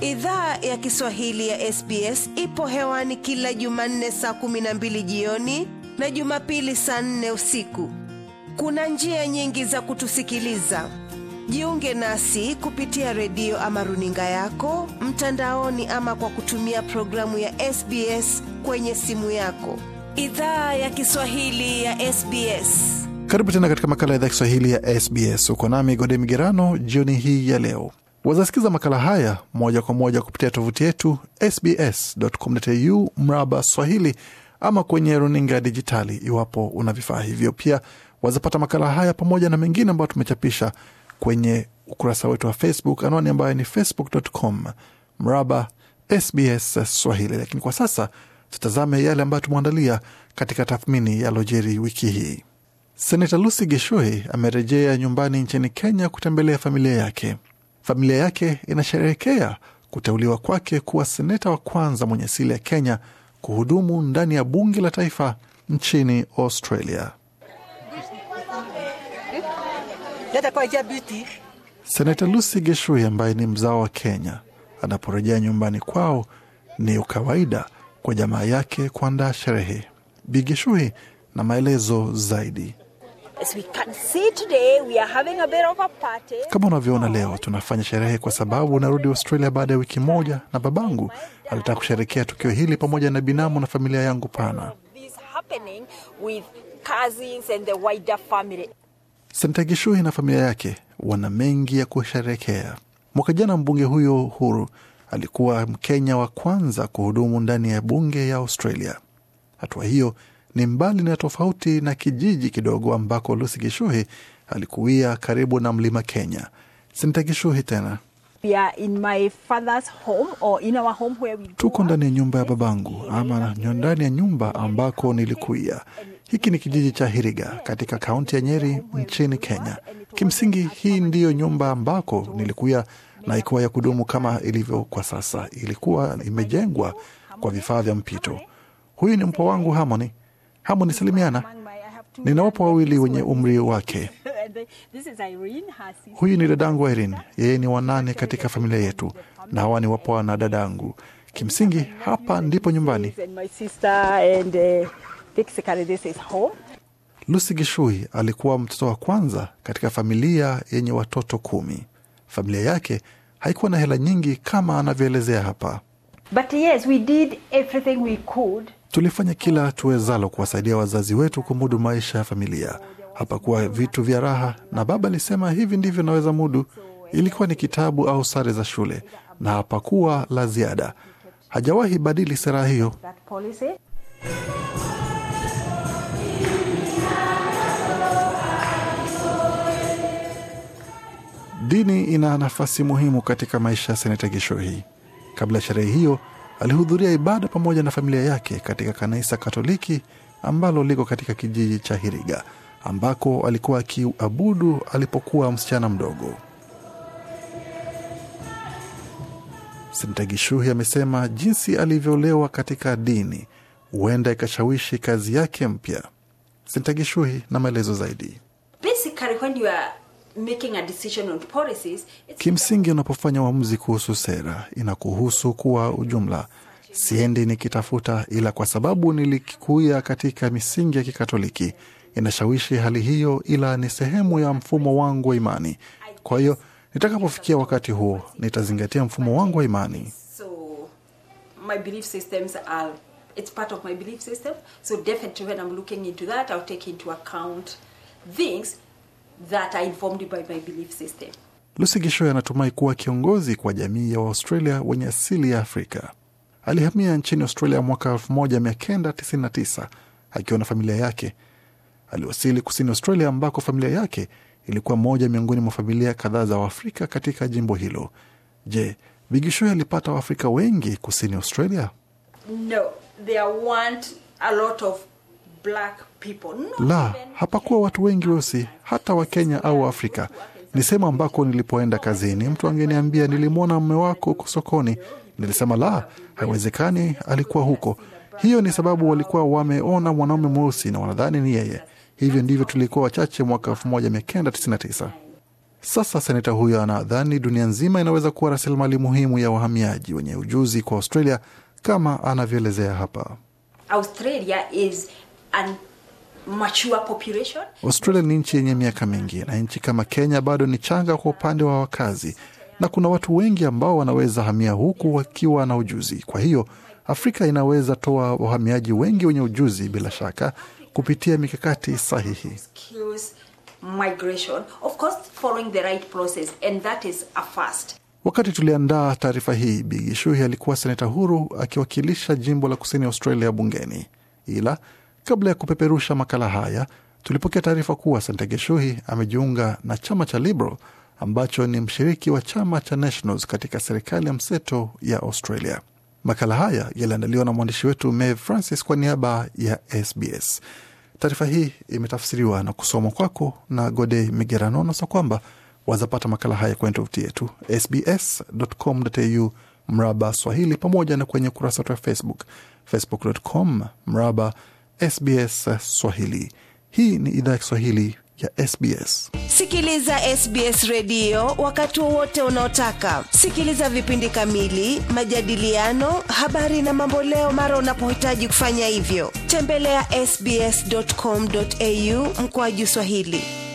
Idhaa ya Kiswahili ya SBS ipo hewani kila Jumanne saa kumi na mbili jioni na Jumapili saa nne usiku. Kuna njia nyingi za kutusikiliza. Jiunge nasi kupitia redio ama runinga yako mtandaoni, ama kwa kutumia programu ya SBS kwenye simu yako. Idhaa ya Kiswahili ya SBS. Karibu tena katika makala ya idhaa ya Kiswahili ya SBS. Uko nami Gode Migerano jioni hii ya leo. Wazasikiza makala haya moja kwa moja kupitia tovuti yetu sbs.com.au mraba Swahili, ama kwenye runinga ya dijitali iwapo una vifaa hivyo. Pia wazapata makala haya pamoja na mengine ambayo tumechapisha kwenye ukurasa wetu wa Facebook, anwani ambayo ni facebook.com mraba SBS Swahili. Lakini kwa sasa tutazame yale ambayo tumeandalia katika tathmini ya lojeri wiki hii. Senata Lucy Gishoi amerejea nyumbani nchini Kenya kutembelea familia yake familia yake inasherehekea kuteuliwa kwake kuwa seneta wa kwanza mwenye asili ya Kenya kuhudumu ndani ya bunge la taifa nchini Australia. Seneta Lucy Geshui ambaye ni mzao wa Kenya anaporejea nyumbani kwao, ni ukawaida kwa jamaa yake kuandaa sherehe. Bi Geshui na maelezo zaidi. Kama unavyoona leo tunafanya sherehe kwa sababu narudi Australia baada ya wiki moja, na babangu alitaka kusherekea tukio hili pamoja na binamu na familia yangu pana. Senta Gishuhi na familia yake wana mengi ya kusherekea. Mwaka jana mbunge huyo huru alikuwa Mkenya wa kwanza kuhudumu ndani ya bunge ya Australia. Hatua hiyo ni mbali na tofauti na kijiji kidogo ambako Lucy Kishuhi alikuia karibu na mlima Kenya. Senta Kishuhi tena tuko ndani ya nyumba ya babangu ama ndani ya nyumba ambako nilikuia. Hiki ni kijiji cha Hiriga katika kaunti ya Nyeri nchini Kenya. Kimsingi, hii ndiyo nyumba ambako nilikuia na ikuwa ya kudumu kama ilivyo kwa sasa. Ilikuwa imejengwa kwa vifaa vya mpito. Huyu ni mpo wangu Harmony hamu nisalimiana. ninawapa wawili wenye umri wake. Huyu ni dadangu Irene, yeye ni wanane katika familia yetu, na hawa ni wapoa na dadangu. Kimsingi hapa ndipo nyumbani. Lucy Gishui alikuwa mtoto wa kwanza katika familia yenye watoto kumi. Familia yake haikuwa na hela nyingi kama anavyoelezea hapa. But yes, we did everything we could. Tulifanya kila tuwezalo kuwasaidia wazazi wetu kumudu maisha ya familia. Hapakuwa vitu vya raha, na baba alisema hivi ndivyo naweza mudu. Ilikuwa ni kitabu au sare za shule, na hapakuwa la ziada. Hajawahi badili sera hiyo. Dini ina nafasi muhimu katika maisha ya seneta hii Kabla ya sherehe hiyo, alihudhuria ibada pamoja na familia yake katika kanisa Katoliki ambalo liko katika kijiji cha Hiriga ambako alikuwa akiabudu alipokuwa msichana mdogo. Seneta Gishuhi amesema jinsi alivyolewa katika dini huenda ikashawishi kazi yake mpya. Seneta Gishuhi na maelezo zaidi. Basically, when you are kimsingi unapofanya uamuzi kuhusu sera inakuhusu kuwa ujumla siendi nikitafuta, ila kwa sababu nilikuya katika misingi ya Kikatoliki inashawishi hali hiyo, ila ni sehemu ya mfumo wangu wa imani. Kwa hiyo nitakapofikia wakati huo nitazingatia mfumo wangu wa imani. So, my that are informed by my belief system. Lucy Gishoy anatumai kuwa kiongozi kwa jamii ya Waaustralia wenye asili ya Afrika. Alihamia nchini Australia mwaka 1999 akiwa na familia yake. Aliwasili kusini Australia ambako familia yake ilikuwa moja miongoni mwa familia kadhaa za Waafrika katika jimbo hilo. Je, Bigishoy alipata Waafrika wengi kusini Australia? No, there weren't a lot of la, hapakuwa watu wengi weusi, hata Wakenya au Afrika. Ni sehemu ambako nilipoenda kazini, mtu angeniambia nilimwona mme wako sokoni, nilisema la, haiwezekani, alikuwa huko. Hiyo ni sababu walikuwa wameona mwanaume mweusi na wanadhani ni yeye. Hivyo ndivyo tulikuwa wachache mwaka 1999. Sasa seneta huyo anadhani dunia nzima inaweza kuwa rasilimali muhimu ya wahamiaji wenye ujuzi kwa Australia, kama anavyoelezea hapa. Australia is Australia ni nchi yenye miaka mingi na nchi kama Kenya bado ni changa kwa upande wa wakazi, na kuna watu wengi ambao wanaweza hamia huku wakiwa na ujuzi. Kwa hiyo Afrika inaweza toa wahamiaji wengi wenye ujuzi bila shaka kupitia mikakati sahihi. Wakati tuliandaa taarifa hii, Bigishuhi alikuwa seneta huru akiwakilisha jimbo la kusini Australia bungeni, ila Kabla ya kupeperusha makala haya, tulipokea taarifa kuwa Santege Shuhi amejiunga na chama cha Liberal ambacho ni mshiriki wa chama cha Nationals katika serikali ya mseto ya Australia. Makala haya yaliandaliwa na mwandishi wetu Maeve Francis kwa niaba ya SBS. Taarifa hii imetafsiriwa na kusomwa kwako na Gode Migerano nasa kwamba wazapata makala haya kwenye tovuti yetu sbs.com.au mraba Swahili, pamoja na kwenye ukurasa wetu wa Facebook, facebook.com mraba SBS Swahili. Hii ni idhaa ya Kiswahili ya SBS. Sikiliza SBS redio wakati wowote unaotaka. Sikiliza vipindi kamili, majadiliano, habari na mamboleo mara unapohitaji kufanya hivyo. Tembelea ya sbs.com.au mkoaju Swahili.